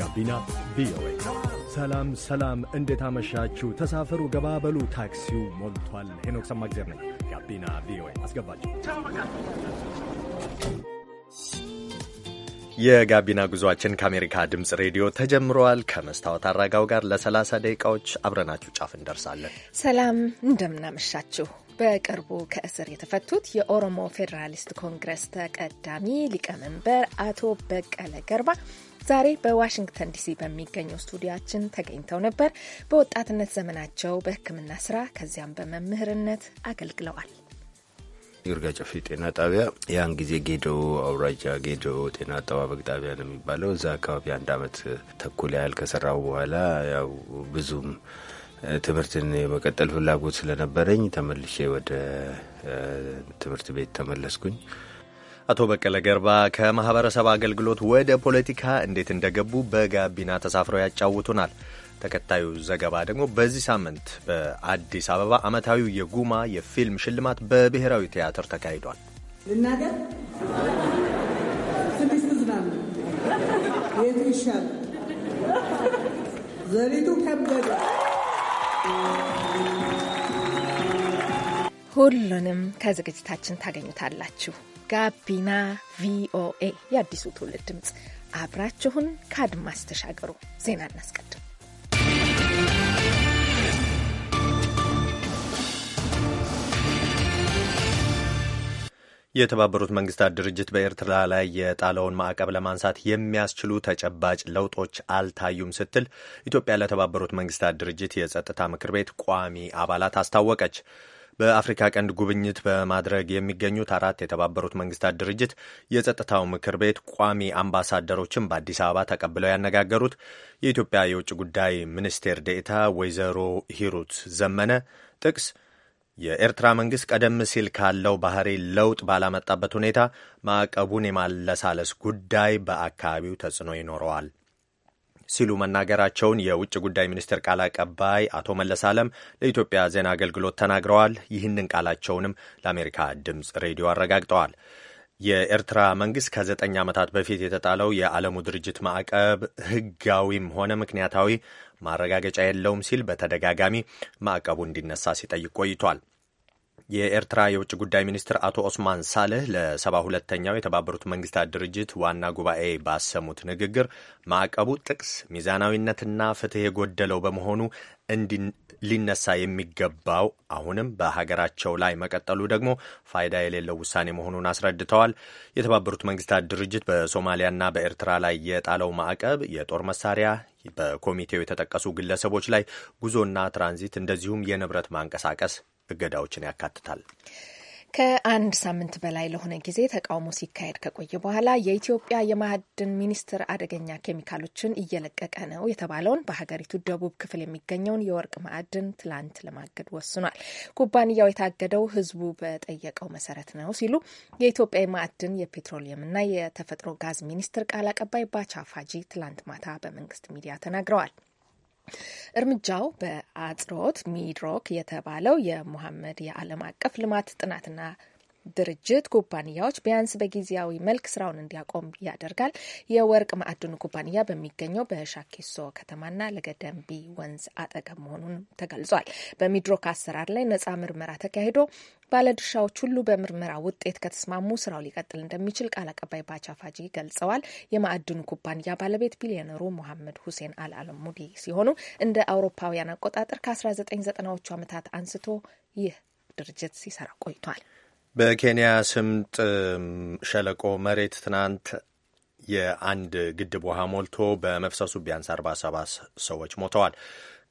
ጋቢና ቪኦኤ። ሰላም ሰላም፣ እንዴት አመሻችሁ? ተሳፈሩ፣ ገባበሉ፣ ታክሲው ሞልቷል። ሄኖክ ሰማግዜር ነኝ። ጋቢና ቪኦኤ አስገባችሁ። የጋቢና ጉዟችን ከአሜሪካ ድምፅ ሬዲዮ ተጀምረዋል። ከመስታወት አራጋው ጋር ለ30 ደቂቃዎች አብረናችሁ ጫፍ እንደርሳለን። ሰላም እንደምናመሻችሁ። በቅርቡ ከእስር የተፈቱት የኦሮሞ ፌዴራሊስት ኮንግረስ ተቀዳሚ ሊቀመንበር አቶ በቀለ ገርባ ዛሬ በዋሽንግተን ዲሲ በሚገኘው ስቱዲያችን ተገኝተው ነበር። በወጣትነት ዘመናቸው በሕክምና ስራ ከዚያም በመምህርነት አገልግለዋል። ይርጋ ጨፌ ጤና ጣቢያ ያን ጊዜ ጌዶ አውራጃ ጌዶ ጤና አጠባበቅ ጣቢያ ነው የሚባለው። እዛ አካባቢ አንድ አመት ተኩል ያህል ከሰራው በኋላ ያው ብዙም ትምህርትን የመቀጠል ፍላጎት ስለነበረኝ ተመልሼ ወደ ትምህርት ቤት ተመለስኩኝ። አቶ በቀለ ገርባ ከማህበረሰብ አገልግሎት ወደ ፖለቲካ እንዴት እንደገቡ በጋቢና ተሳፍረው ያጫውቱናል። ተከታዩ ዘገባ ደግሞ በዚህ ሳምንት በአዲስ አበባ አመታዊ የጉማ የፊልም ሽልማት በብሔራዊ ቲያትር ተካሂዷል። ልናገር የቱ ይሻል? ዘሪቱ ከበደ ሁሉንም ከዝግጅታችን ታገኙታላችሁ። ጋቢና ቪኦኤ የአዲሱ ትውልድ ድምፅ፣ አብራችሁን ከአድማስ ተሻገሩ። ዜና እናስቀድም። የተባበሩት መንግስታት ድርጅት በኤርትራ ላይ የጣለውን ማዕቀብ ለማንሳት የሚያስችሉ ተጨባጭ ለውጦች አልታዩም ስትል ኢትዮጵያ ለተባበሩት መንግስታት ድርጅት የጸጥታ ምክር ቤት ቋሚ አባላት አስታወቀች። በአፍሪካ ቀንድ ጉብኝት በማድረግ የሚገኙት አራት የተባበሩት መንግስታት ድርጅት የጸጥታው ምክር ቤት ቋሚ አምባሳደሮችን በአዲስ አበባ ተቀብለው ያነጋገሩት የኢትዮጵያ የውጭ ጉዳይ ሚኒስቴር ዴኤታ ወይዘሮ ሂሩት ዘመነ ጥቅስ የኤርትራ መንግስት ቀደም ሲል ካለው ባህሪ ለውጥ ባላመጣበት ሁኔታ ማዕቀቡን የማለሳለስ ጉዳይ በአካባቢው ተጽዕኖ ይኖረዋል ሲሉ መናገራቸውን የውጭ ጉዳይ ሚኒስትር ቃል አቀባይ አቶ መለስ አለም ለኢትዮጵያ ዜና አገልግሎት ተናግረዋል። ይህንን ቃላቸውንም ለአሜሪካ ድምፅ ሬዲዮ አረጋግጠዋል። የኤርትራ መንግስት ከዘጠኝ ዓመታት በፊት የተጣለው የዓለሙ ድርጅት ማዕቀብ ህጋዊም ሆነ ምክንያታዊ ማረጋገጫ የለውም ሲል በተደጋጋሚ ማዕቀቡ እንዲነሳ ሲጠይቅ ቆይቷል። የኤርትራ የውጭ ጉዳይ ሚኒስትር አቶ ኦስማን ሳልህ ለሰባ ሁለተኛው የተባበሩት መንግስታት ድርጅት ዋና ጉባኤ ባሰሙት ንግግር ማዕቀቡ ጥቅስ ሚዛናዊነትና ፍትህ የጎደለው በመሆኑ ሊነሳ የሚገባው አሁንም በሀገራቸው ላይ መቀጠሉ ደግሞ ፋይዳ የሌለው ውሳኔ መሆኑን አስረድተዋል። የተባበሩት መንግስታት ድርጅት በሶማሊያና በኤርትራ ላይ የጣለው ማዕቀብ የጦር መሳሪያ በኮሚቴው የተጠቀሱ ግለሰቦች ላይ ጉዞና ትራንዚት እንደዚሁም የንብረት ማንቀሳቀስ እገዳዎችን ያካትታል። ከአንድ ሳምንት በላይ ለሆነ ጊዜ ተቃውሞ ሲካሄድ ከቆየ በኋላ የኢትዮጵያ የማዕድን ሚኒስትር አደገኛ ኬሚካሎችን እየለቀቀ ነው የተባለውን በሀገሪቱ ደቡብ ክፍል የሚገኘውን የወርቅ ማዕድን ትላንት ለማገድ ወስኗል። ኩባንያው የታገደው ሕዝቡ በጠየቀው መሰረት ነው ሲሉ የኢትዮጵያ የማዕድን የፔትሮሊየምና የተፈጥሮ ጋዝ ሚኒስትር ቃል አቀባይ ባቻ ፋጂ ትላንት ማታ በመንግስት ሚዲያ ተናግረዋል። እርምጃው በአጽሮት ሚድሮክ የተባለው የሙሐመድ የዓለም አቀፍ ልማት ጥናትና ድርጅት ኩባንያዎች ቢያንስ በጊዜያዊ መልክ ስራውን እንዲያቆም ያደርጋል። የወርቅ ማዕድኑ ኩባንያ በሚገኘው በሻኪሶ ከተማና ለገደምቢ ወንዝ አጠገብ መሆኑን ተገልጿል። በሚድሮክ አሰራር ላይ ነጻ ምርመራ ተካሂዶ ባለድርሻዎች ሁሉ በምርመራ ውጤት ከተስማሙ ስራው ሊቀጥል እንደሚችል ቃል አቀባይ ባቻ ፋጂ ገልጸዋል። የማዕድኑ ኩባንያ ባለቤት ቢሊዮነሩ ሙሐመድ ሁሴን አልአለሙዲ ሲሆኑ እንደ አውሮፓውያን አቆጣጠር ከ1990ዎቹ ዓመታት አንስቶ ይህ ድርጅት ሲሰራ ቆይቷል። በኬንያ ስምጥ ሸለቆ መሬት ትናንት የአንድ ግድብ ውሃ ሞልቶ በመፍሰሱ ቢያንስ 47 ሰዎች ሞተዋል።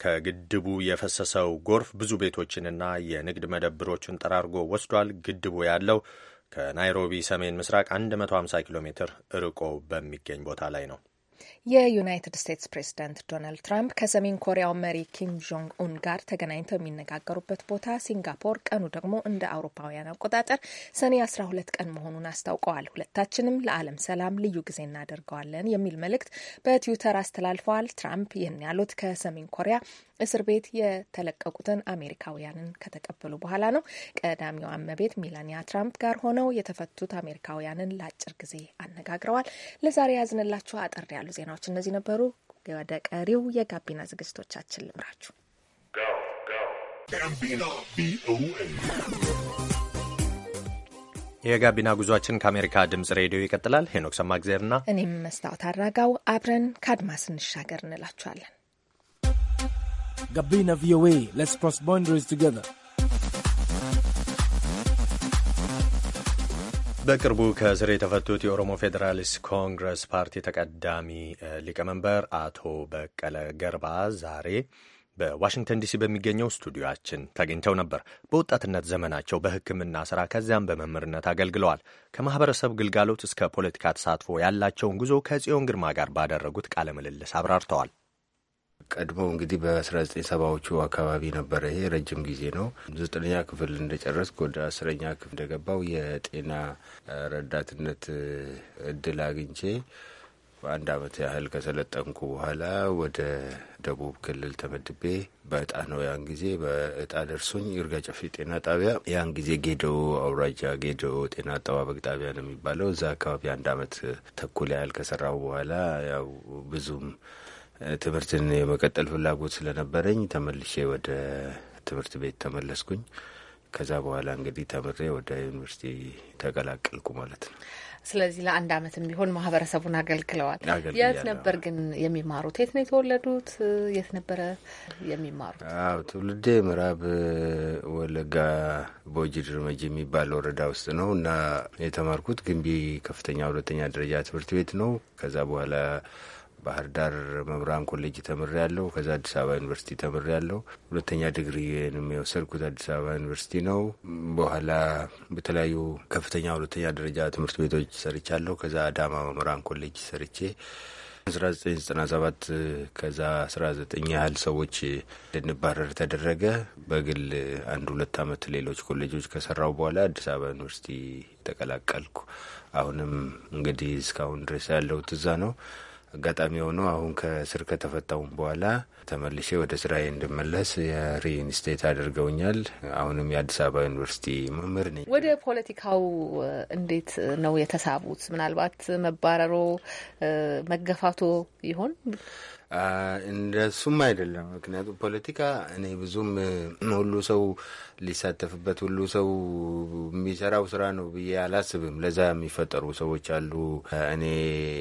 ከግድቡ የፈሰሰው ጎርፍ ብዙ ቤቶችንና የንግድ መደብሮችን ጠራርጎ ወስዷል። ግድቡ ያለው ከናይሮቢ ሰሜን ምስራቅ 150 ኪሎ ሜትር ርቆ በሚገኝ ቦታ ላይ ነው። የዩናይትድ ስቴትስ ፕሬዚዳንት ዶናልድ ትራምፕ ከሰሜን ኮሪያው መሪ ኪም ጆንግ ኡን ጋር ተገናኝተው የሚነጋገሩበት ቦታ ሲንጋፖር፣ ቀኑ ደግሞ እንደ አውሮፓውያን አቆጣጠር ሰኔ 12 ቀን መሆኑን አስታውቀዋል። ሁለታችንም ለዓለም ሰላም ልዩ ጊዜ እናደርገዋለን የሚል መልእክት በትዊተር አስተላልፈዋል። ትራምፕ ይህን ያሉት ከሰሜን ኮሪያ እስር ቤት የተለቀቁትን አሜሪካውያንን ከተቀበሉ በኋላ ነው። ቀዳሚዋ እመቤት ሚላኒያ ትራምፕ ጋር ሆነው የተፈቱት አሜሪካውያንን ለአጭር ጊዜ አነጋግረዋል። ለዛሬ ያዝንላችሁ አጠር ያሉ ዜናዎች እነዚህ ነበሩ። ወደ ቀሪው የጋቢና ዝግጅቶቻችን ልምራችሁ። የጋቢና ጉዟችን ከአሜሪካ ድምጽ ሬዲዮ ይቀጥላል። ሄኖክ ሰማእግዜርና እኔም መስታወት አድራጋው አብረን ከአድማስ እንሻገር እንላችኋለን። Gabina VOA. Let's cross boundaries together. በቅርቡ ከእስር የተፈቱት የኦሮሞ ፌዴራሊስት ኮንግረስ ፓርቲ ተቀዳሚ ሊቀመንበር አቶ በቀለ ገርባ ዛሬ በዋሽንግተን ዲሲ በሚገኘው ስቱዲዮችን ተገኝተው ነበር። በወጣትነት ዘመናቸው በሕክምና ስራ ከዚያም በመምህርነት አገልግለዋል። ከማህበረሰብ ግልጋሎት እስከ ፖለቲካ ተሳትፎ ያላቸውን ጉዞ ከጽዮን ግርማ ጋር ባደረጉት ቃለ ምልልስ አብራርተዋል። ቀድሞ እንግዲህ በ1970ዎቹ አካባቢ ነበረ። ይሄ ረጅም ጊዜ ነው። ዘጠነኛ ክፍል እንደጨረስኩ ወደ አስረኛ ክፍል እንደገባው የጤና ረዳትነት እድል አግኝቼ በአንድ አመት ያህል ከሰለጠንኩ በኋላ ወደ ደቡብ ክልል ተመድቤ በእጣ ነው ያን ጊዜ በእጣ ደርሶኝ ይርጋ ጨፌ ጤና ጣቢያ ያን ጊዜ ጌዶ አውራጃ ጌዶ ጤና አጠባበቅ ጣቢያ ነው የሚባለው እዛ አካባቢ አንድ አመት ተኩል ያህል ከሰራው በኋላ ያው ብዙም ትምህርትን የመቀጠል ፍላጎት ስለነበረኝ ተመልሼ ወደ ትምህርት ቤት ተመለስኩኝ። ከዛ በኋላ እንግዲህ ተምሬ ወደ ዩኒቨርሲቲ ተቀላቀልኩ ማለት ነው። ስለዚህ ለአንድ አመትም ቢሆን ማህበረሰቡን አገልግለዋል። የት ነበር ግን የሚማሩት? የት ነው የተወለዱት? የት ነበረ የሚማሩት? አዎ ትውልዴ ምዕራብ ወለጋ ቦጂ ድርመጅ የሚባል ወረዳ ውስጥ ነው እና የተማርኩት ግንቢ ከፍተኛ ሁለተኛ ደረጃ ትምህርት ቤት ነው። ከዛ በኋላ ባህር ዳር መብርሃን ኮሌጅ ተምሬ ያለው። ከዛ አዲስ አበባ ዩኒቨርሲቲ ተምሬ ያለው። ሁለተኛ ዲግሪ የወሰድኩት አዲስ አበባ ዩኒቨርሲቲ ነው። በኋላ በተለያዩ ከፍተኛ ሁለተኛ ደረጃ ትምህርት ቤቶች ሰርቻለሁ። ከዛ አዳማ መምህራን ኮሌጅ ሰርቼ 1997 ከዛ 19 ያህል ሰዎች እንድንባረር ተደረገ። በግል አንድ ሁለት ዓመት ሌሎች ኮሌጆች ከሰራው በኋላ አዲስ አበባ ዩኒቨርሲቲ ተቀላቀልኩ። አሁንም እንግዲህ እስካሁን ድረስ ያለው ትዛ ነው። አጋጣሚ የሆነው አሁን ከእስር ከተፈታውም በኋላ ተመልሼ ወደ ስራዬ እንድመለስ የሪኢንስቴት አድርገውኛል። አሁንም የአዲስ አበባ ዩኒቨርሲቲ መምህር ነኝ። ወደ ፖለቲካው እንዴት ነው የተሳቡት? ምናልባት መባረሮ መገፋቶ ይሆን? እንደሱም አይደለም። ምክንያቱም ፖለቲካ እኔ ብዙም ሁሉ ሰው ሊሳተፍበት ሁሉ ሰው የሚሰራው ስራ ነው ብዬ አላስብም። ለዛ የሚፈጠሩ ሰዎች አሉ። እኔ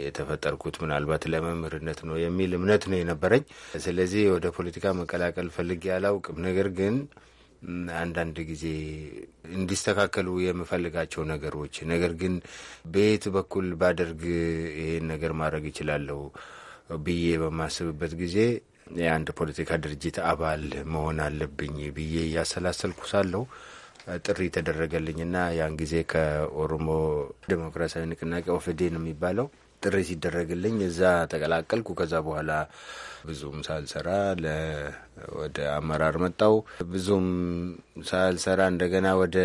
የተፈጠርኩት ምናልባት ለመምህርነት ነው የሚል እምነት ነው የነበረኝ። ስለዚህ ስለዚህ ወደ ፖለቲካ መቀላቀል ፈልጌ አላውቅም። ነገር ግን አንዳንድ ጊዜ እንዲስተካከሉ የምፈልጋቸው ነገሮች ነገር ግን በየት በኩል ባደርግ ይሄን ነገር ማድረግ እችላለሁ ብዬ በማስብበት ጊዜ የአንድ ፖለቲካ ድርጅት አባል መሆን አለብኝ ብዬ እያሰላሰልኩ ሳለሁ ጥሪ ተደረገልኝና ያን ጊዜ ከኦሮሞ ዴሞክራሲያዊ ንቅናቄ ኦፌዴን የሚባለው ጥሪ ሲደረግልኝ እዛ ተቀላቀልኩ። ከዛ በኋላ ብዙም ሳልሰራ ወደ አመራር መጣው። ብዙም ሳልሰራ እንደገና ወደ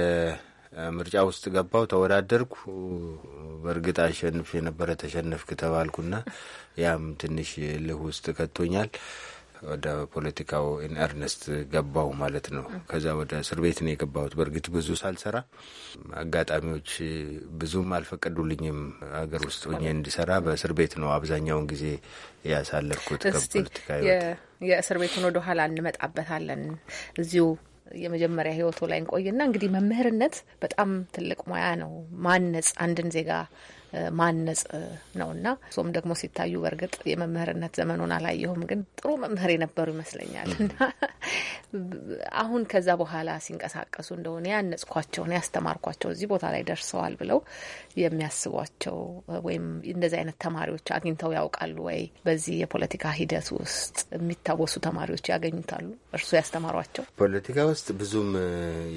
ምርጫ ውስጥ ገባው። ተወዳደርኩ። በእርግጥ አሸንፍ የነበረ ተሸነፍክ ተባልኩና ያም ትንሽ ልህ ውስጥ ከቶኛል። ወደ ፖለቲካው ኢን ኤርነስት ገባው ማለት ነው። ከዛ ወደ እስር ቤት ነው የገባሁት። በእርግጥ ብዙ ሳልሰራ አጋጣሚዎች ብዙም አልፈቀዱልኝም። ሀገር ውስጥ ሆኜ እንድሰራ። በእስር ቤት ነው አብዛኛውን ጊዜ ያሳለፍኩት። ከፖለቲካ የእስር ቤቱን ወደ ኋላ እንመጣበታለን እዚሁ የመጀመሪያ ህይወቱ ላይ እንቆይና እንግዲህ መምህርነት በጣም ትልቅ ሙያ ነው። ማነጽ አንድን ዜጋ ማነጽ ነው እና እሱም ደግሞ ሲታዩ በእርግጥ የመምህርነት ዘመኑን አላየሁም፣ ግን ጥሩ መምህር የነበሩ ይመስለኛል እና አሁን ከዛ በኋላ ሲንቀሳቀሱ እንደሆነ ያነጽኳቸውን ያስተማርኳቸው እዚህ ቦታ ላይ ደርሰዋል ብለው የሚያስቧቸው ወይም እንደዚህ አይነት ተማሪዎች አግኝተው ያውቃሉ ወይ? በዚህ የፖለቲካ ሂደት ውስጥ የሚታወሱ ተማሪዎች ያገኙታሉ? እርሱ ያስተማሯቸው ፖለቲካ ውስጥ ብዙም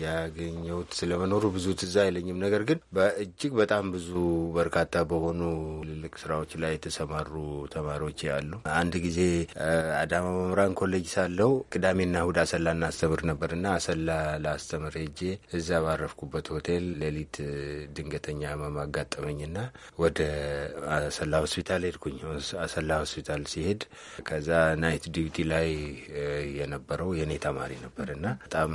ያገኘሁት ስለመኖሩ ብዙ ትዝ አይለኝም። ነገር ግን በእጅግ በጣም ብዙ በርካ በርካታ በሆኑ ትልልቅ ስራዎች ላይ የተሰማሩ ተማሪዎች ያሉ። አንድ ጊዜ አዳማ መምህራን ኮሌጅ ሳለው ቅዳሜና እሁድ አሰላ እናስተምር ነበር እና አሰላ ለአስተምር ሄጄ እዛ ባረፍኩበት ሆቴል ሌሊት ድንገተኛ ህመም አጋጠመኝና ወደ አሰላ ሆስፒታል ሄድኩኝ። አሰላ ሆስፒታል ሲሄድ ከዛ ናይት ዲዩቲ ላይ የነበረው የኔ ተማሪ ነበር እና በጣም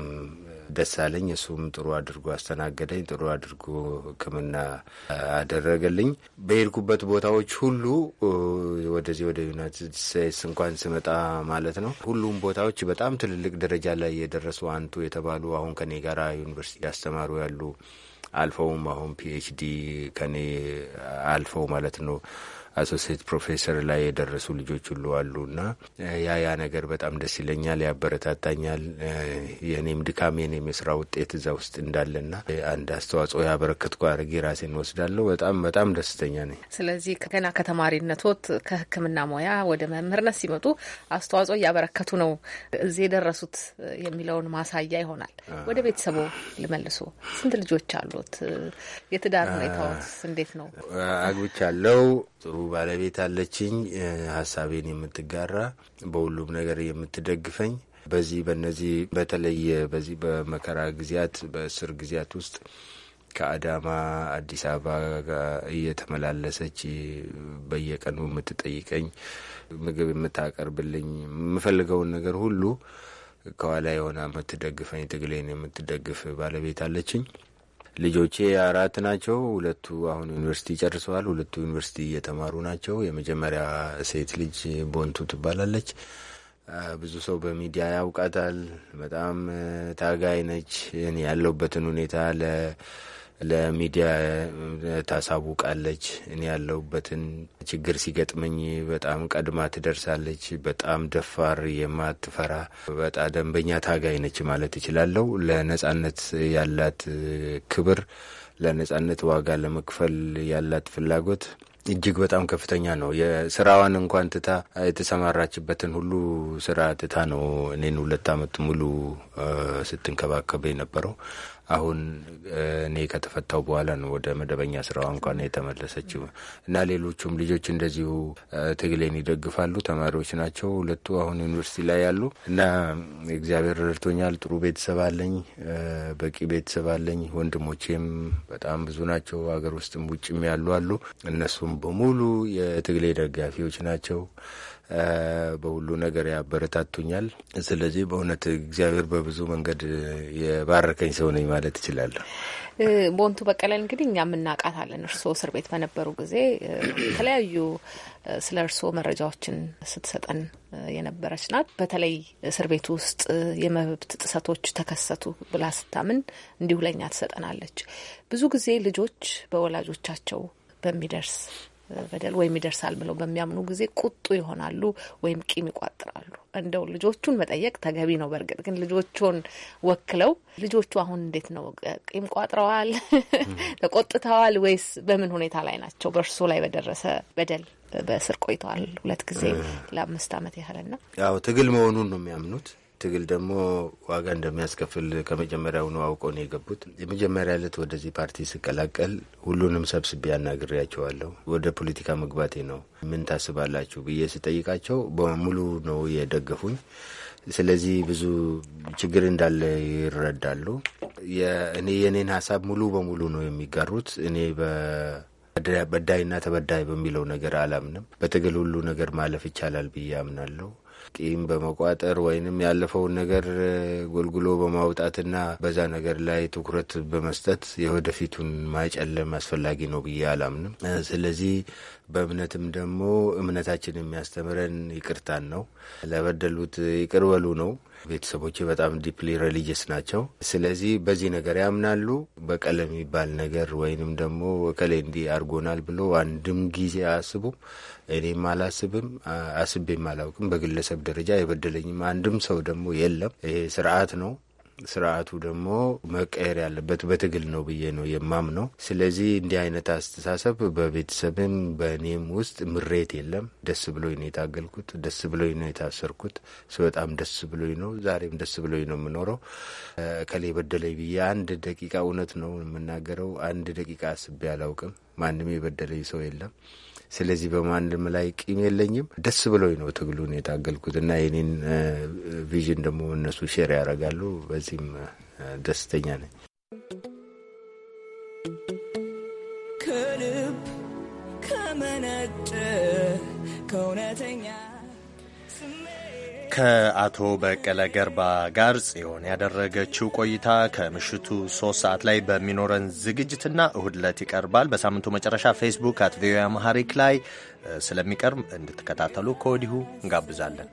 ደሳለኝ። እሱም ጥሩ አድርጎ አስተናገደኝ፣ ጥሩ አድርጎ ሕክምና አደረገልኝ። በሄድኩበት ቦታዎች ሁሉ ወደዚህ ወደ ዩናይትድ ስቴትስ እንኳን ስመጣ ማለት ነው ሁሉም ቦታዎች በጣም ትልልቅ ደረጃ ላይ የደረሱ አንቱ የተባሉ አሁን ከኔ ጋራ ዩኒቨርሲቲ ያስተማሩ ያሉ አልፈውም አሁን ፒኤችዲ ከኔ አልፈው ማለት ነው አሶሴት ፕሮፌሰር ላይ የደረሱ ልጆች ሁሉ አሉ እና ያ ያ ነገር በጣም ደስ ይለኛል፣ ያበረታታኛል። የኔም ድካም የኔም የስራ ውጤት እዛ ውስጥ እንዳለና አንድ አስተዋጽኦ ያበረከትኩ አድርጌ ራሴን ወስዳለሁ። በጣም በጣም ደስተኛ ነኝ። ስለዚህ ገና ከተማሪነቶት ከህክምና ሙያ ወደ መምህርነት ሲመጡ አስተዋጽኦ እያበረከቱ ነው እዚህ የደረሱት የሚለውን ማሳያ ይሆናል። ወደ ቤተሰቡ ልመልሶ ስንት ልጆች አሉት? የትዳር ሁኔታዎስ እንዴት ነው? አግብቻለሁ። ጥሩ ባለቤት አለችኝ፣ ሀሳቤን የምትጋራ በሁሉም ነገር የምትደግፈኝ በዚህ በነዚህ በተለየ በዚህ በመከራ ጊዜያት በእስር ጊዜያት ውስጥ ከአዳማ አዲስ አበባ እየተመላለሰች በየቀኑ የምትጠይቀኝ፣ ምግብ የምታቀርብልኝ፣ የምፈልገውን ነገር ሁሉ ከኋላ የሆነ የምትደግፈኝ፣ ትግሌን የምትደግፍ ባለቤት አለችኝ። ልጆቼ አራት ናቸው። ሁለቱ አሁን ዩኒቨርሲቲ ጨርሰዋል። ሁለቱ ዩኒቨርሲቲ እየተማሩ ናቸው። የመጀመሪያ ሴት ልጅ ቦንቱ ትባላለች። ብዙ ሰው በሚዲያ ያውቃታል። በጣም ታጋይ ነች። ያለሁበትን ሁኔታ ለሚዲያ ታሳውቃለች። እኔ ያለሁበትን ችግር ሲገጥመኝ በጣም ቀድማ ትደርሳለች። በጣም ደፋር፣ የማትፈራ በጣም ደንበኛ ታጋይ ነች ማለት እችላለሁ። ለነጻነት ያላት ክብር፣ ለነጻነት ዋጋ ለመክፈል ያላት ፍላጎት እጅግ በጣም ከፍተኛ ነው። የስራዋን እንኳን ትታ የተሰማራችበትን ሁሉ ስራ ትታ ነው እኔን ሁለት አመት ሙሉ ስትንከባከበ የነበረው። አሁን እኔ ከተፈታው በኋላ ነው ወደ መደበኛ ስራዋ እንኳን የተመለሰችው እና ሌሎቹም ልጆች እንደዚሁ ትግሌን ይደግፋሉ። ተማሪዎች ናቸው ሁለቱ አሁን ዩኒቨርሲቲ ላይ ያሉ እና እግዚአብሔር ረድቶኛል። ጥሩ ቤተሰብ አለኝ፣ በቂ ቤተሰብ አለኝ። ወንድሞቼም በጣም ብዙ ናቸው፣ ሀገር ውስጥም ውጭም ያሉ አሉ። እነሱም በሙሉ የትግሌ ደጋፊዎች ናቸው። በሁሉ ነገር ያበረታቱኛል። ስለዚህ በእውነት እግዚአብሔር በብዙ መንገድ የባረከኝ ሰው ነኝ። ማለት እችላለሁ። ቦንቱ በቀለ እንግዲህ እኛ የምናውቃታለን። እርስዎ እስር ቤት በነበሩ ጊዜ የተለያዩ ስለ እርስዎ መረጃዎችን ስትሰጠን የነበረች ናት። በተለይ እስር ቤት ውስጥ የመብት ጥሰቶች ተከሰቱ ብላ ስታምን እንዲሁ ለእኛ ትሰጠናለች። ብዙ ጊዜ ልጆች በወላጆቻቸው በሚደርስ በደል ወይም ይደርሳል ብለው በሚያምኑ ጊዜ ቁጡ ይሆናሉ ወይም ቂም ይቋጥራሉ። እንደው ልጆቹን መጠየቅ ተገቢ ነው። በእርግጥ ግን ልጆቹን ወክለው ልጆቹ አሁን እንዴት ነው? ቂም ቋጥረዋል? ተቆጥተዋል? ወይስ በምን ሁኔታ ላይ ናቸው? በእርሶ ላይ በደረሰ በደል በእስር ቆይተዋል ሁለት ጊዜ ለአምስት ዓመት ያህልና ያው ትግል መሆኑን ነው የሚያምኑት ትግል ደግሞ ዋጋ እንደሚያስከፍል ነው አውቀው ነው የገቡት። የመጀመሪያ ዕለት ወደዚህ ፓርቲ ስቀላቀል ሁሉንም ሰብስቤ አናግሬያቸዋለሁ። ወደ ፖለቲካ መግባቴ ነው ምን ታስባላችሁ ብዬ ስጠይቃቸው በሙሉ ነው የደገፉኝ። ስለዚህ ብዙ ችግር እንዳለ ይረዳሉ። እኔ የእኔን ሀሳብ ሙሉ በሙሉ ነው የሚጋሩት። እኔ በዳይና ተበዳይ በሚለው ነገር አላምንም። በትግል ሁሉ ነገር ማለፍ ይቻላል ብዬ አምናለሁ። ቂም በመቋጠር ወይንም ያለፈውን ነገር ጎልጉሎ በማውጣትና በዛ ነገር ላይ ትኩረት በመስጠት የወደፊቱን ማጨለም አስፈላጊ ነው ብዬ አላምንም። ስለዚህ በእምነትም ደግሞ እምነታችን የሚያስተምረን ይቅርታን ነው። ለበደሉት ይቅር በሉ ነው። ቤተሰቦቼ በጣም ዲፕሊ ሬሊጅስ ናቸው። ስለዚህ በዚህ ነገር ያምናሉ። በቀለም የሚባል ነገር ወይንም ደግሞ እከሌ እንዲህ አድርጎናል ብሎ አንድም ጊዜ አያስቡም። እኔም አላስብም አስቤም አላውቅም። በግለሰብ ደረጃ የበደለኝም አንድም ሰው ደግሞ የለም። ይሄ ስርዓት ነው። ስርዓቱ ደግሞ መቀየር ያለበት በትግል ነው ብዬ ነው የማምነው። ስለዚህ እንዲህ አይነት አስተሳሰብ በቤተሰብም በእኔም ውስጥ ምሬት የለም። ደስ ብሎኝ ነው የታገልኩት፣ ደስ ብሎኝ ነው የታሰርኩት። በጣም ደስ ብሎኝ ነው፣ ዛሬም ደስ ብሎኝ ነው የምኖረው። ከሌ በደለኝ ብዬ አንድ ደቂቃ እውነት ነው የምናገረው፣ አንድ ደቂቃ አስቤ አላውቅም። ማንም የበደለኝ ሰው የለም። ስለዚህ በማንም ላይ ቂም የለኝም። ደስ ብሎኝ ነው ትግሉን የታገልኩት እና የኔን ቪዥን ደግሞ እነሱ ሼር ያደርጋሉ። በዚህም ደስተኛ ነኝ። ከልብ ከመነጨ ከእውነተኛ ከአቶ በቀለ ገርባ ጋር ጽዮን ያደረገችው ቆይታ ከምሽቱ ሶስት ሰዓት ላይ በሚኖረን ዝግጅትና እሁድ ዕለት ይቀርባል። በሳምንቱ መጨረሻ ፌስቡክ አት ቪኦኤ አማሃሪክ ላይ ስለሚቀርብ እንድትከታተሉ ከወዲሁ እንጋብዛለን።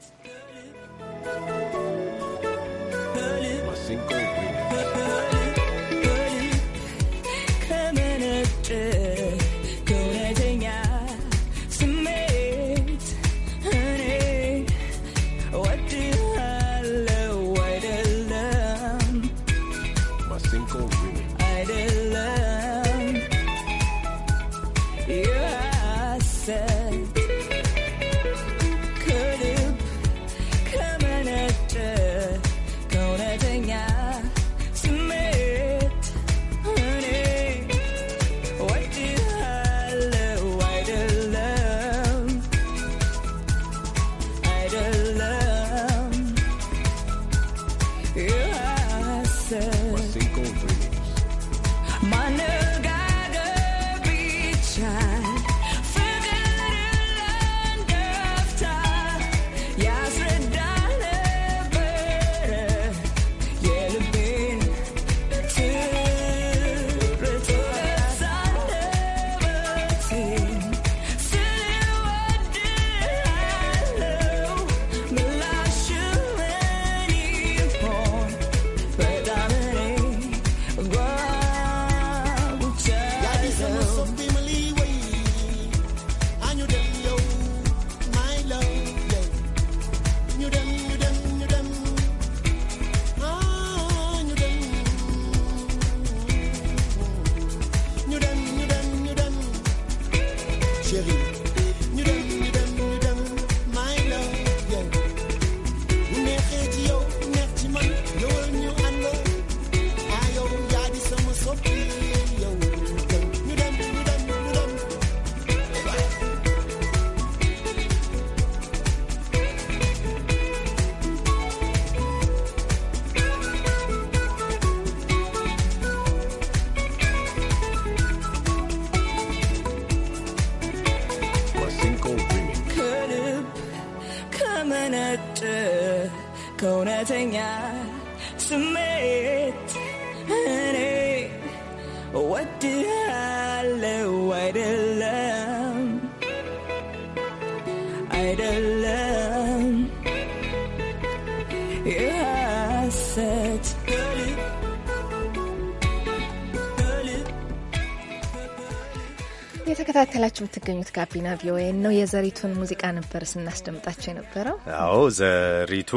የምትገኙት ጋቢና ቪኦኤ ነው። የዘሪቱን ሙዚቃ ነበር ስናስደምጣቸው የነበረው። አዎ ዘሪቱ፣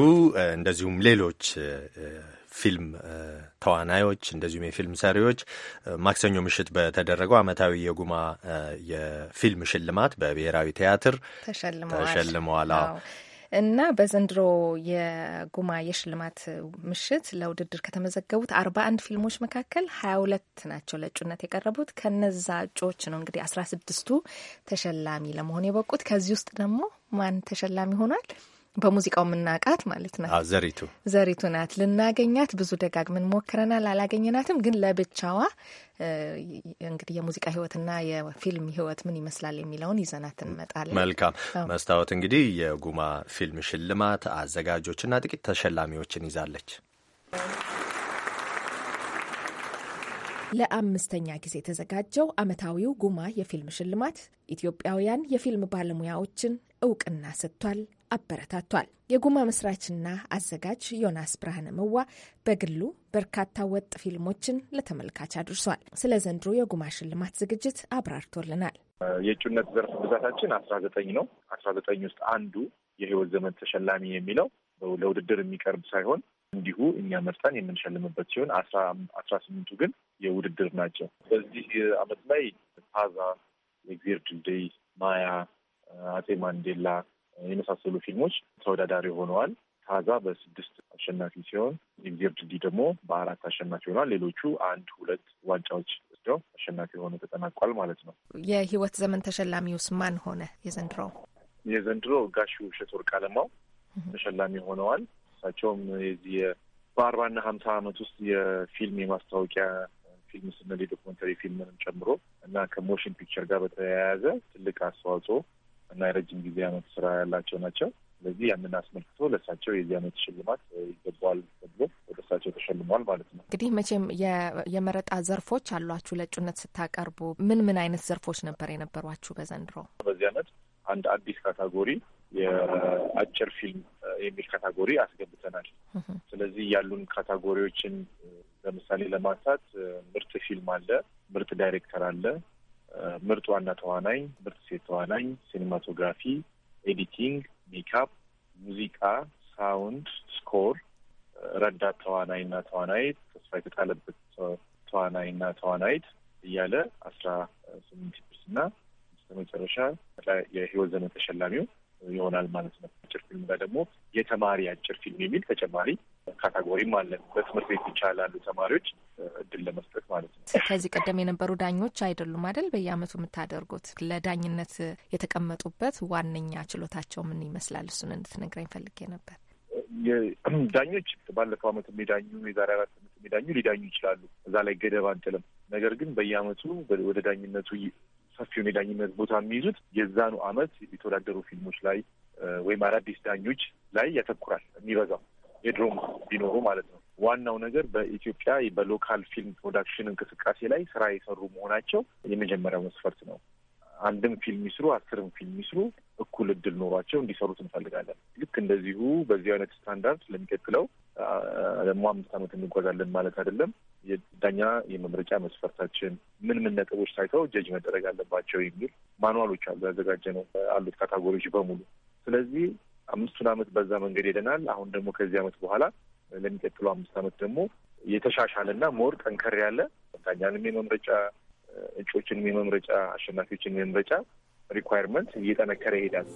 እንደዚሁም ሌሎች ፊልም ተዋናዮች እንደዚሁም የፊልም ሰሪዎች ማክሰኞ ምሽት በተደረገው ዓመታዊ የጉማ የፊልም ሽልማት በብሔራዊ ቲያትር ተሸልመዋል። እና በዘንድሮ የጉማ የሽልማት ምሽት ለውድድር ከተመዘገቡት አርባ አንድ ፊልሞች መካከል ሀያ ሁለት ናቸው ለእጩነት የቀረቡት። ከነዛ እጩዎች ነው እንግዲህ አስራ ስድስቱ ተሸላሚ ለመሆን የበቁት። ከዚህ ውስጥ ደግሞ ማን ተሸላሚ ሆኗል? በሙዚቃው የምናውቃት ማለት ናት። ዘሪቱ ዘሪቱ ናት። ልናገኛት ብዙ ደጋግመን ሞክረናል፣ አላገኘናትም። ግን ለብቻዋ እንግዲህ የሙዚቃ ህይወትና የፊልም ህይወት ምን ይመስላል የሚለውን ይዘናት እንመጣለን። መልካም መስታወት። እንግዲህ የጉማ ፊልም ሽልማት አዘጋጆችና ጥቂት ተሸላሚዎችን ይዛለች። ለአምስተኛ ጊዜ የተዘጋጀው አመታዊው ጉማ የፊልም ሽልማት ኢትዮጵያውያን የፊልም ባለሙያዎችን እውቅና ሰጥቷል አበረታቷል። የጉማ መስራችና አዘጋጅ ዮናስ ብርሃነ መዋ በግሉ በርካታ ወጥ ፊልሞችን ለተመልካች አድርሷል። ስለ ዘንድሮ የጉማ ሽልማት ዝግጅት አብራርቶልናል። የእጩነት ዘርፍ ብዛታችን አስራ ዘጠኝ ነው። አስራ ዘጠኝ ውስጥ አንዱ የህይወት ዘመን ተሸላሚ የሚለው ለውድድር የሚቀርብ ሳይሆን እንዲሁ እኛ መርጠን የምንሸልምበት ሲሆን አስራ ስምንቱ ግን የውድድር ናቸው። በዚህ አመት ላይ ፓዛ፣ የእግዜር ድልድይ፣ ማያ፣ አጼ ማንዴላ የመሳሰሉ ፊልሞች ተወዳዳሪ ሆነዋል። ታዛ በስድስት አሸናፊ ሲሆን የጊዜር ድልድይ ደግሞ በአራት አሸናፊ ሆኗል። ሌሎቹ አንድ ሁለት ዋንጫዎች ወስደው አሸናፊ ሆነ ተጠናቋል ማለት ነው። የህይወት ዘመን ተሸላሚውስ ማን ሆነ? የዘንድሮው የዘንድሮ ጋሽ ውብሸት ወርቅ አለማው ተሸላሚ ሆነዋል። እሳቸውም የዚህ በአርባና ሀምሳ አመት ውስጥ የፊልም የማስታወቂያ ፊልም ስንል የዶክመንተሪ ፊልምንም ጨምሮ እና ከሞሽን ፒክቸር ጋር በተያያዘ ትልቅ አስተዋጽኦ እና የረጅም ጊዜ አመት ስራ ያላቸው ናቸው። ስለዚህ ያንን አስመልክቶ ለእሳቸው የዚህ አመት ሽልማት ይገባዋል ተብሎ ወደ እሳቸው ተሸልመዋል ማለት ነው። እንግዲህ መቼም የመረጣ ዘርፎች አሏችሁ ለእጩነት ስታቀርቡ ምን ምን አይነት ዘርፎች ነበር የነበሯችሁ በዘንድሮ? በዚህ አመት አንድ አዲስ ካታጎሪ የአጭር ፊልም የሚል ካታጎሪ አስገብተናል። ስለዚህ ያሉን ካታጎሪዎችን ለምሳሌ ለማንሳት ምርጥ ፊልም አለ፣ ምርጥ ዳይሬክተር አለ፣ ምርጥ ዋና ተዋናኝ፣ ምርጥ ሴት ተዋናኝ፣ ሲኒማቶግራፊ፣ ኤዲቲንግ፣ ሜካፕ፣ ሙዚቃ፣ ሳውንድ፣ ስኮር፣ ረዳት እና ተዋናይት፣ ተስፋ የተጣለበት እና ተዋናይት እያለ አስራ ስምንት ፕስ እና በመጨረሻ የህይወት ዘመን ተሸላሚው ይሆናል ማለት ነው። አጭር ፊልም ጋር ደግሞ የተማሪ አጭር ፊልም የሚል ተጨማሪ ካታጎሪም አለን። በትምህርት ቤት ብቻ ላሉ ተማሪዎች እድል ለመስጠት ማለት ነው። ከዚህ ቀደም የነበሩ ዳኞች አይደሉም አይደል? በየአመቱ የምታደርጉት ለዳኝነት የተቀመጡበት ዋነኛ ችሎታቸው ምን ይመስላል? እሱን እንድትነግረኝ ፈልጌ ነበር። ዳኞች ባለፈው አመት የሚዳኙ የዛሬ አራት አመት የሚዳኙ ሊዳኙ ይችላሉ። እዛ ላይ ገደብ አንጥልም። ነገር ግን በየአመቱ ወደ ዳኝነቱ ሰፊውን የዳኝነት ቦታ የሚይዙት የዛኑ አመት የተወዳደሩ ፊልሞች ላይ ወይም አዳዲስ ዳኞች ላይ ያተኩራል የሚበዛው የድሮም ቢኖሩ ማለት ነው። ዋናው ነገር በኢትዮጵያ በሎካል ፊልም ፕሮዳክሽን እንቅስቃሴ ላይ ስራ የሰሩ መሆናቸው የመጀመሪያው መስፈርት ነው። አንድም ፊልም ይስሩ፣ አስርም ፊልም ይስሩ እኩል እድል ኖሯቸው እንዲሰሩት እንፈልጋለን። ልክ እንደዚሁ በዚህ አይነት ስታንዳርድ ለሚቀጥለው ደግሞ አምስት ዓመት እንጓዛለን ማለት አይደለም። የዳኛ የመምረጫ መስፈርታችን ምን ምን ነጥቦች ታይተው ጀጅ መደረግ አለባቸው የሚል ማኑዋሎች አሉ ያዘጋጀ ነው አሉት ካታጎሪዎች በሙሉ ስለዚህ አምስቱን አመት በዛ መንገድ ሄደናል። አሁን ደግሞ ከዚህ አመት በኋላ ለሚቀጥለው አምስት አመት ደግሞ የተሻሻለና ሞር ጠንከር ያለ ዳኛንም የመምረጫ እጩዎችንም የመምረጫ አሸናፊዎችን የመምረጫ ሪኳየርመንት እየጠነከረ ይሄዳል።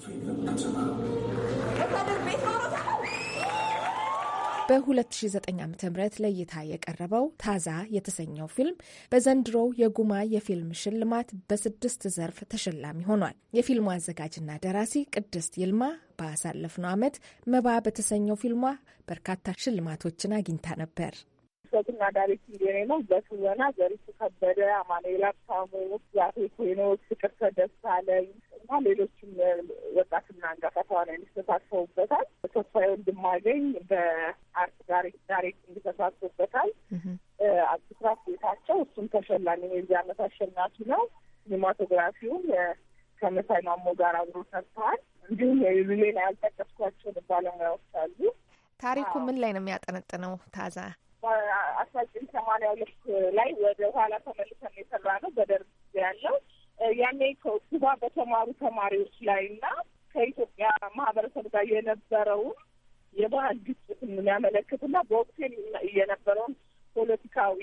በ2009 ዓ.ም ለእይታ የቀረበው ታዛ የተሰኘው ፊልም በዘንድሮው የጉማ የፊልም ሽልማት በስድስት ዘርፍ ተሸላሚ ሆኗል። የፊልሙ አዘጋጅና ደራሲ ቅድስት ይልማ ባሳለፍነው ዓመት መባ በተሰኘው ፊልሟ በርካታ ሽልማቶችን አግኝታ ነበር። ድርሰትና ዳይሬክቲንግ ነው። በትወና ዘሪቱ ከበደ፣ አማኑኤል አብታሙ፣ ያፌት ሄኖክ፣ ፍቅርተ ደሳለኝ እና ሌሎችም ወጣትና አንጋፋ ተዋናዮች ተሳትፈውበታል። ተስፋዬ ወንድማገኝ በአርት ዳይሬክቲንግ ተሳትፎበታል። አብስራት ቤታቸው እሱም ተሸላሚ የዚህ ዓመት አሸናፊ ነው። ሲኒማቶግራፊውን ከመሳይ ማሞ ጋር አብሮ ሰርተዋል። እንዲሁም ሌላ ያልጠቀስኳቸውን ባለሙያዎች አሉ። ታሪኩ ምን ላይ ነው የሚያጠነጥነው? ታዛ አስራ ዘጠኝ ሰማንያ ሁለት ላይ ወደ ኋላ ተመልሰን የሰራ ነው በደርግ ያለው ያኔ ኩባ በተማሩ ተማሪዎች ላይ እና ከኢትዮጵያ ማህበረሰብ ጋር የነበረውን የባህል ግጭት የሚያመለክት እና በወቅቱ የነበረውን ፖለቲካዊ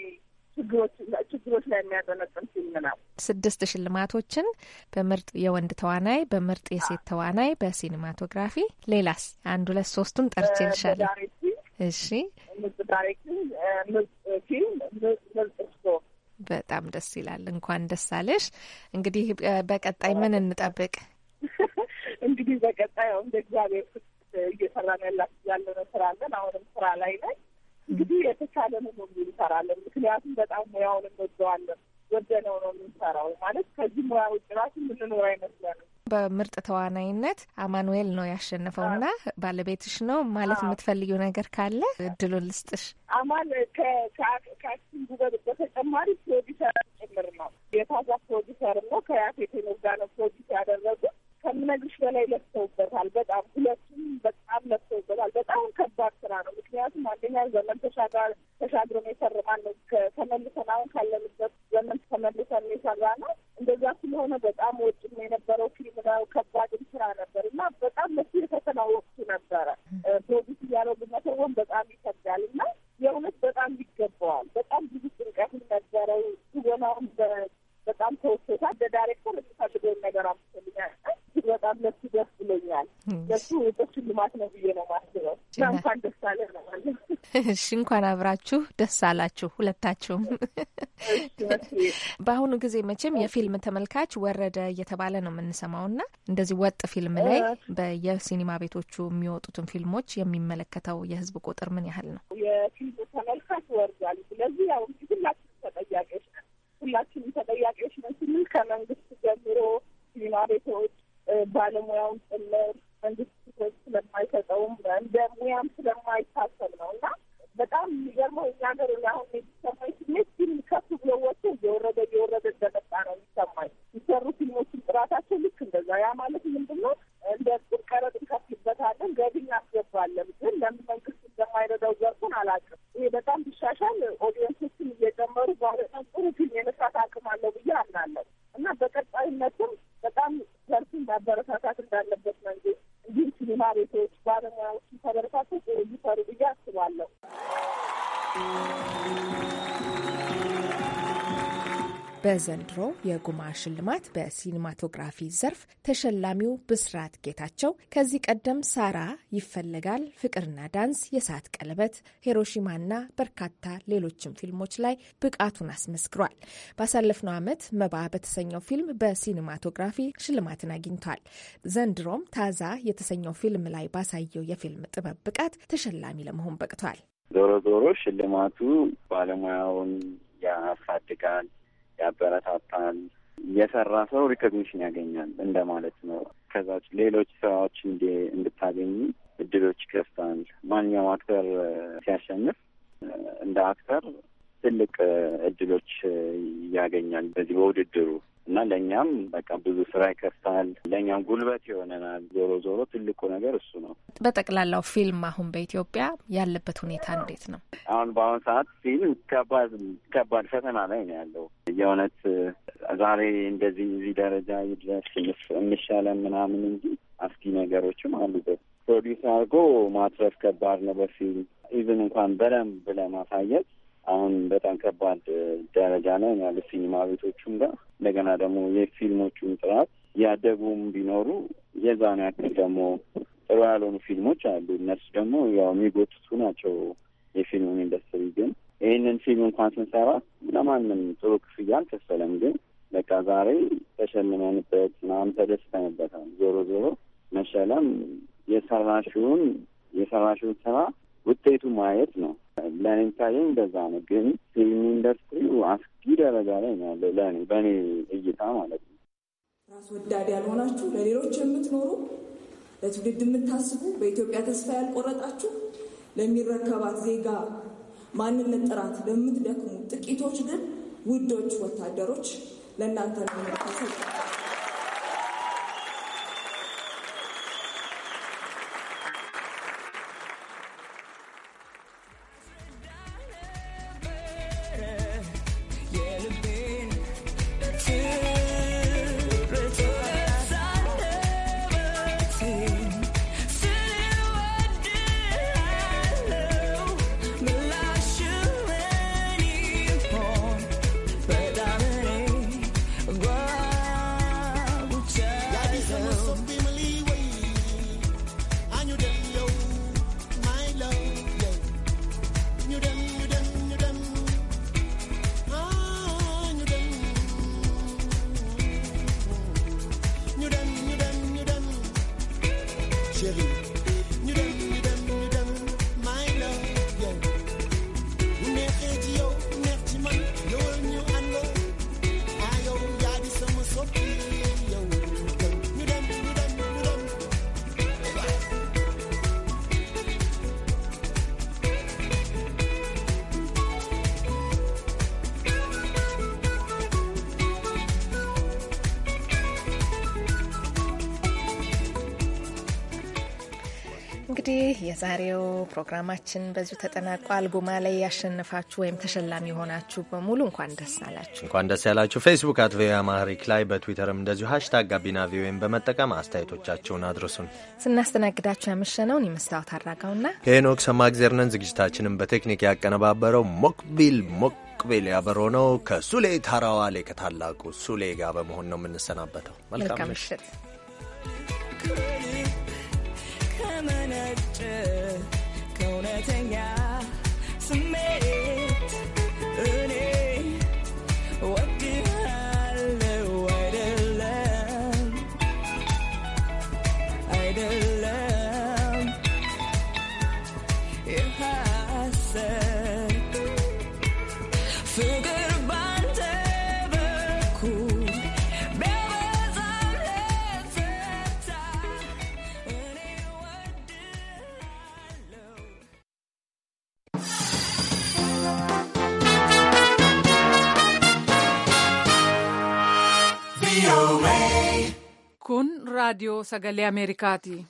ችግሮች ላይ የሚያጠነጥን ፊልም ነው። ስድስት ሽልማቶችን በምርጥ የወንድ ተዋናይ፣ በምርጥ የሴት ተዋናይ፣ በሲኒማቶግራፊ ሌላስ አንድ ሁለት ሶስቱን ጠርቼ ዳይሬክት እሺ በጣም ደስ ይላል። እንኳን ደስ አለሽ። እንግዲህ በቀጣይ ምን እንጠብቅ? እንግዲህ በቀጣይ አሁን በእግዚአብሔር እግዚአብሔር እየሰራ ነው ያላ ያለነ ስራ አለን። አሁንም ስራ ላይ ላይ እንግዲህ የተቻለን ነው እንሰራለን። ምክንያቱም በጣም ሙያውን እንወደዋለን። ወደነው ነው የምንሰራው ማለት ከዚህ ሙያ ውጭ ራሱ የምንኖር አይመስለንም። በምርጥ ተዋናይነት አማኑኤል ነው ያሸነፈውና ባለቤትሽ ነው ማለት የምትፈልጊው ነገር ካለ እድሉን ልስጥሽ። አማን ከአክቲንጉ በተጨማሪ ፕሮዲሰር ጭምር ነው። የታዛ ፕሮዲሰር ነው። ከያፌት ኖጋ ነው ፕሮዲስ ያደረጉት። ከምነግርሽ በላይ ለፍተውበታል። በጣም ሁለቱም በጣም ለፍተውበታል። በጣም ከባድ ስራ ነው። ምክንያቱም አንደኛ ዘመን ተሻጋር ተሻግሮ ነው የሰራ ነው። ተመልሰን አሁን ካለንበት ዘመን ተመልሰን የሰራ ነው እንደዛ ስለሆነ በጣም ወጭም የነበረው ፊልም ነው። ከባድም ስራ ነበር እና በጣም መስ የፈተና ወቅቱ ነበረ። ፕሮዲስ እያለው መተወን በጣም ይከብዳል እና የእውነት በጣም ይገባዋል። በጣም ብዙ ጭንቀት ነበረው። ትወናውን በጣም ተወሶታ እንደ ዳይሬክተር የምፈልገውን ነገር አምስልኛል። በጣም ለሱ ደስ ብሎኛል። ለሱ ሽልማት ነው ብዬ ነው ማስበው እና እንኳን ደስ አለ ነው ማለት እሺ፣ እንኳን አብራችሁ ደስ አላችሁ ሁለታችሁም። በአሁኑ ጊዜ መቼም የፊልም ተመልካች ወረደ እየተባለ ነው የምንሰማው እና እንደዚህ ወጥ ፊልም ላይ በየሲኒማ ቤቶቹ የሚወጡትን ፊልሞች የሚመለከተው የህዝብ ቁጥር ምን ያህል ነው? የፊልም ተመልካች ወርዷል። ስለዚህ ያው ሁላችንም ተጠያቂዎች ነን። ሁላችንም ተጠያቂዎች ነን ስንል ከመንግስት ጀምሮ ሲኒማ ቤቶች ባለሙያውን ጭምር መንግስት ትኩረት ስለማይሰጠውም እንደ ሙያም ስለማይታሰብ ነው እና በጣም የሚገርመው እኛ ሀገር አሁን የሚሰማኝ ስሜት ፊልም ከፍ ብሎ ወጥቶ እየወረደ እየወረደ እንደመጣ ነው የሚሰማኝ። የሚሰሩ ፊልሞችን ጥራታቸው ልክ እንደዛ። ያ ማለት ምንድን ነው? እንደ ቀረጥ እንከፍልበታለን፣ ገቢ እናስገባለን። ግን ለምን መንግስት እንደማይረዳው ዘርፉን አላውቅም። ይሄ በጣም ቢሻሻል ኦዲየንሶችን እየጨመሩ ባለ ጥሩ ፊልም የመስራት አቅም አለው ብዬ አምናለሁ እና በቀጣይነትም በጣም ዘርፉን ማበረታታት እንዳለበት ቡና ቤቶች ባለሙያዎችን ተበረታቶ ሊሰሩ ብዬ አስባለሁ። በዘንድሮ የጉማ ሽልማት በሲኒማቶግራፊ ዘርፍ ተሸላሚው ብስራት ጌታቸው ከዚህ ቀደም ሳራ፣ ይፈለጋል፣ ፍቅርና ዳንስ፣ የሰዓት ቀለበት፣ ሂሮሺማና በርካታ ሌሎችም ፊልሞች ላይ ብቃቱን አስመስክሯል። ባሳለፍነው ዓመት መባ በተሰኘው ፊልም በሲኒማቶግራፊ ሽልማትን አግኝቷል። ዘንድሮም ታዛ የተሰኘው ፊልም ላይ ባሳየው የፊልም ጥበብ ብቃት ተሸላሚ ለመሆን በቅቷል። ዞሮ ዞሮ ሽልማቱ ባለሙያውን ያሳድጋል ያበረታታል። የሰራ ሰው ሪኮግኒሽን ያገኛል እንደማለት ነው። ከዛ ሌሎች ስራዎች እንድታገኙ እድሎች ይከፍታል። ማንኛውም አክተር ሲያሸንፍ እንደ አክተር ትልቅ እድሎች ያገኛል በዚህ በውድድሩ እና ለእኛም በቃ ብዙ ስራ ይከፍታል። ለእኛም ጉልበት ይሆነናል። ዞሮ ዞሮ ትልቁ ነገር እሱ ነው። በጠቅላላው ፊልም አሁን በኢትዮጵያ ያለበት ሁኔታ እንዴት ነው? አሁን በአሁኑ ሰዓት ፊልም ከባድ ከባድ ፈተና ላይ ነው ያለው የእውነት ዛሬ እንደዚህ እዚህ ደረጃ ይድረስ እንሻለን ምናምን እንጂ አስጊ ነገሮችም አሉበት። ፕሮዲስ አድርጎ ማትረፍ ከባድ ነው። በፊልም ኢቭን እንኳን በደንብ ለማሳየት አሁን በጣም ከባድ ደረጃ ላይ ያሉ ሲኒማ ቤቶቹም ጋር እንደገና ደግሞ የፊልሞቹን ጥራት ያደጉም ቢኖሩ የዛን ያክል ደግሞ ጥሩ ያልሆኑ ፊልሞች አሉ። እነሱ ደግሞ ያው የሚጎትቱ ናቸው የፊልሙን ኢንዱስትሪ ግን ይህንን ፊልም እንኳን ስንሰራ ለማንም ጥሩ ክፍያ አልከፈለም። ግን በቃ ዛሬ ተሸልመንበት ምናምን ተደስተንበታል። ዞሮ ዞሮ መሸለም የሰራሽውን የሰራሽውን ስራ ውጤቱ ማየት ነው። ለእኔ ታየኝ እንደዛ ነው። ግን ፊልም ኢንዱስትሪው አስጊ ደረጃ ላይ ነው ያለው ለእኔ በእኔ እይታ ማለት ነው። ራስ ወዳድ ያልሆናችሁ ለሌሎች የምትኖሩ ለትውልድ የምታስቡ በኢትዮጵያ ተስፋ ያልቆረጣችሁ ለሚረከባት ዜጋ ማንነት ጥራት ለምትደክሙ ጥቂቶች ግን ውዶች ወታደሮች ለእናንተ ነው። 谢你。የዛሬው ፕሮግራማችን በዚሁ ተጠናቋል። ጉማ ላይ ያሸነፋችሁ ወይም ተሸላሚ የሆናችሁ በሙሉ እንኳን ደስ አላችሁ፣ እንኳን ደስ ያላችሁ። ፌስቡክ አት ቪኦኤ አማሪክ ላይ በትዊተርም እንደዚሁ ሀሽታግ ጋቢና ቪኦኤን በመጠቀም አስተያየቶቻችሁን አድረሱን። ስናስተናግዳችሁ ያመሸነውን የመስታወት አድራጋውና ሄኖክ ሰማግዜርነን ዝግጅታችንን በቴክኒክ ያቀነባበረው ሞክቢል ሞክ ቅቤል ያበሮ ነው። ከሱሌ ላይ ከታላቁ ሱሌ ጋር በመሆን ነው የምንሰናበተው። መልካም ምሽት። Radio Sagale America ti